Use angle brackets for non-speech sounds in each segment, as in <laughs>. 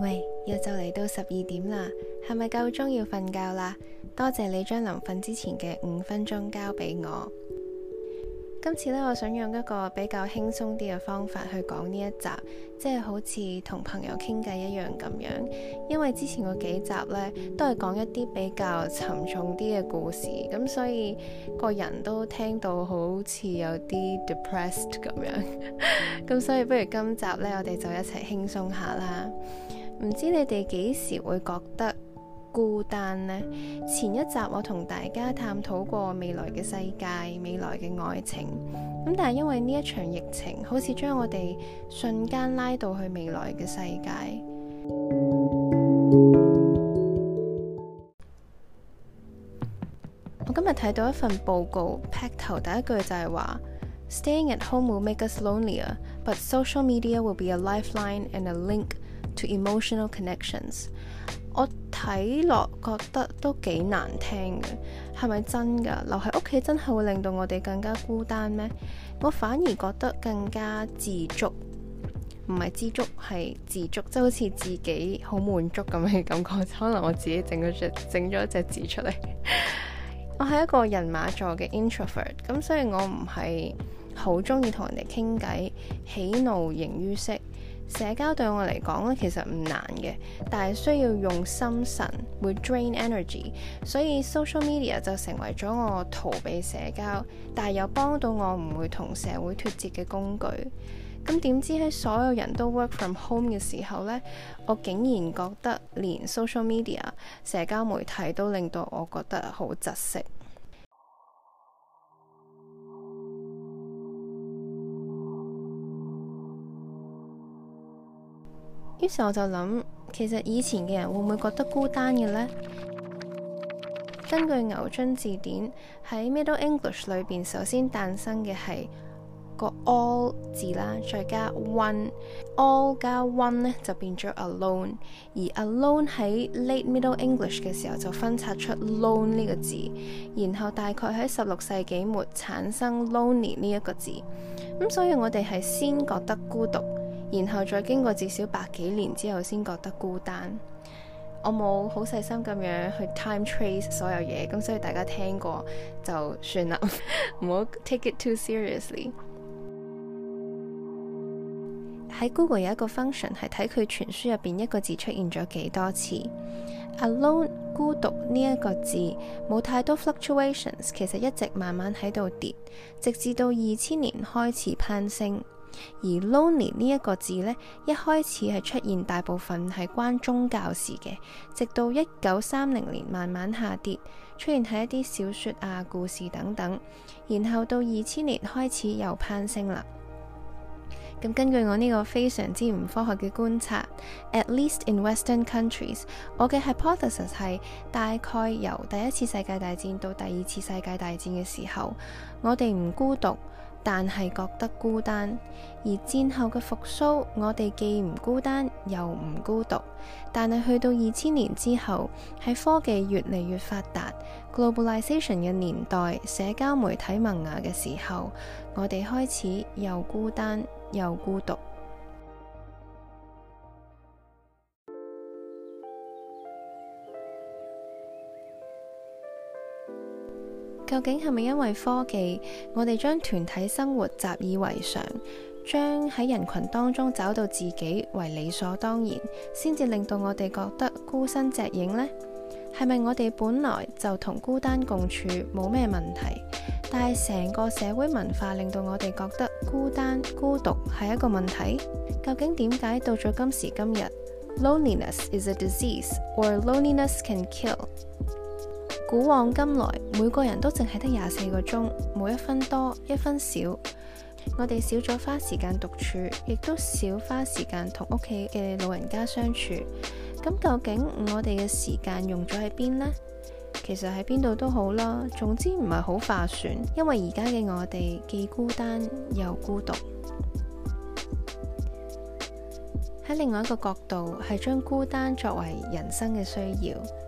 喂，又就嚟到十二點啦，係咪夠鐘要瞓覺啦？多謝你將臨瞓之前嘅五分鐘交俾我。今次呢，我想用一個比較輕鬆啲嘅方法去講呢一集，即係好似同朋友傾偈一樣咁樣。因為之前個幾集呢，都係講一啲比較沉重啲嘅故事，咁所以個人都聽到好似有啲 depressed 咁樣。咁 <laughs> 所以不如今集呢，我哋就一齊輕鬆下啦。唔知你哋幾時會覺得孤單呢？前一集我同大家探討過未來嘅世界、未來嘅愛情，咁但係因為呢一場疫情，好似將我哋瞬間拉到去未來嘅世界。 <music> 我今日睇到一份報告，劈頭第一句就係話：Staying at home will make us lonelier, but social media will be a lifeline and a link。to emotional connections，我睇落覺得都幾難聽嘅，係咪真㗎？留喺屋企真係會令到我哋更加孤單咩？我反而覺得更加自足，唔係知足，係自足，即係、就是、好似自己好滿足咁嘅感覺。可能我自己整咗隻整咗一隻字出嚟。 <laughs> 我係一個人馬座嘅 introvert，咁所以我唔係好中意同人哋傾偈，喜怒形於色。社交對我嚟講咧，其實唔難嘅，但係需要用心神，會 drain energy，所以 social media 就成為咗我逃避社交，但係又幫到我唔會同社會脱節嘅工具。咁點知喺所有人都 work from home 嘅時候呢，我竟然覺得連 social media 社交媒體都令到我覺得好窒息。於是我就諗，其實以前嘅人會唔會覺得孤單嘅呢？根據牛津字典喺 Middle English 裏邊，首先誕生嘅係個 all 字啦，再加 one，all 加 one 咧就變咗 alone。而 alone 喺 Late Middle English 嘅時候就分拆出 lone 呢個字，然後大概喺十六世紀末產生 lonely 呢一個字。咁所以我哋係先覺得孤獨。然後再經過至少百幾年之後，先覺得孤單。我冇好細心咁樣去 time trace 所有嘢，咁所以大家聽過就算啦，唔 <laughs> 好 take it too seriously。喺 Google 有一個 function 係睇佢全書入邊一個字出現咗幾多次。alone 孤獨呢一、這個字冇太多 fluctuations，其實一直慢慢喺度跌，直至到二千年開始攀升。而 lonely 呢一個字呢，一開始係出現，大部分係關宗教事嘅，直到一九三零年慢慢下跌，出現喺一啲小說啊、故事等等，然後到二千年開始又攀升啦。咁根據我呢個非常之唔科學嘅觀察，At least in Western countries，我嘅 hypothesis 係大概由第一次世界大戰到第二次世界大戰嘅時候，我哋唔孤獨。但係覺得孤單，而戰後嘅復甦，我哋既唔孤單又唔孤獨。但係去到二千年之後，喺科技越嚟越發達、globalization 嘅年代、社交媒體萌芽嘅時候，我哋開始又孤單又孤獨。究竟係咪因為科技，我哋將團體生活習以為常，將喺人群當中找到自己為理所當然，先至令到我哋覺得孤身隻影呢？係咪我哋本來就同孤單共處冇咩問題，但係成個社會文化令到我哋覺得孤單孤獨係一個問題？究竟點解到咗今時今日？Loneliness is a disease, or loneliness can kill. 古往今來，每個人都淨係得廿四個鐘，冇一分多一分少。我哋少咗花時間獨處，亦都少花時間同屋企嘅老人家相處。咁究竟我哋嘅時間用咗喺邊呢？其實喺邊度都好啦，總之唔係好化算，因為而家嘅我哋既孤單又孤獨。喺另外一個角度，係將孤單作為人生嘅需要。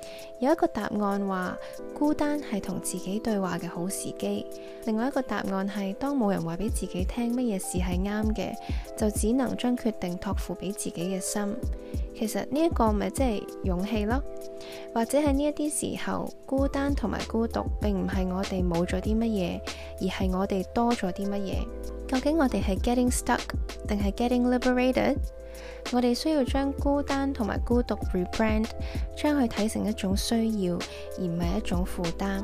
有一個答案話孤單係同自己對話嘅好時機，另外一個答案係當冇人話俾自己聽乜嘢事係啱嘅，就只能將決定託付俾自己嘅心。其實呢一個咪即係勇氣咯，或者喺呢一啲時候孤單同埋孤獨，並唔係我哋冇咗啲乜嘢，而係我哋多咗啲乜嘢。究竟我哋係 getting stuck？定係 getting liberated？我哋需要將孤單同埋孤獨 rebrand，將佢睇成一種需要，而唔係一種負擔。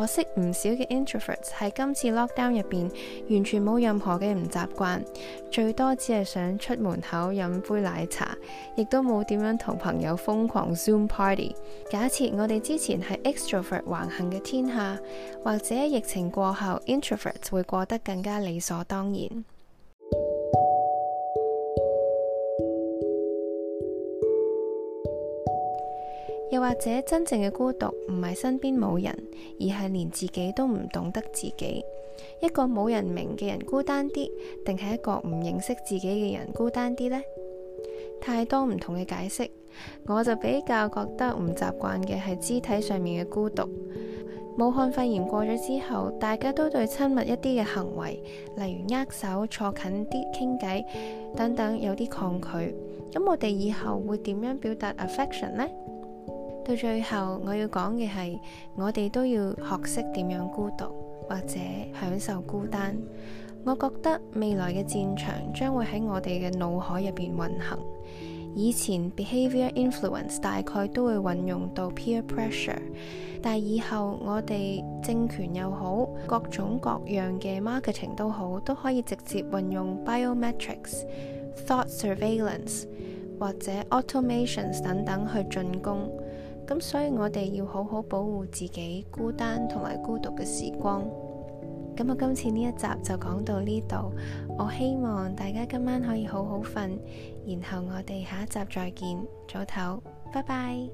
我識唔少嘅 introverts 喺今次 lockdown 入邊，完全冇任何嘅唔習慣，最多只係想出門口飲杯奶茶，亦都冇點樣同朋友瘋狂 Zoom party。假設我哋之前係 extrovert 橫行嘅天下，或者疫情過後，introverts 會過得更加理所當然。又或者真正嘅孤獨唔係身邊冇人，而係連自己都唔懂得自己。一個冇人明嘅人孤單啲，定係一個唔認識自己嘅人孤單啲呢？太多唔同嘅解釋，我就比較覺得唔習慣嘅係肢體上面嘅孤獨。武漢肺炎過咗之後，大家都對親密一啲嘅行為，例如握手、坐近啲、傾偈等等，有啲抗拒。咁我哋以後會點樣表達 affection 呢？到最後我要講嘅係，我哋都要學識點樣孤獨或者享受孤單。我覺得未來嘅戰場將會喺我哋嘅腦海入邊運行。以前 behavior influence 大概都會運用到 peer pressure，但以後我哋政權又好，各種各樣嘅 marketing 都好，都可以直接運用 biometrics、thought surveillance 或者 automations 等等去進攻。咁所以我哋要好好保護自己孤單同埋孤獨嘅時光。咁我今次呢一集就講到呢度。我希望大家今晚可以好好瞓，然後我哋下一集再見。早唞，拜拜。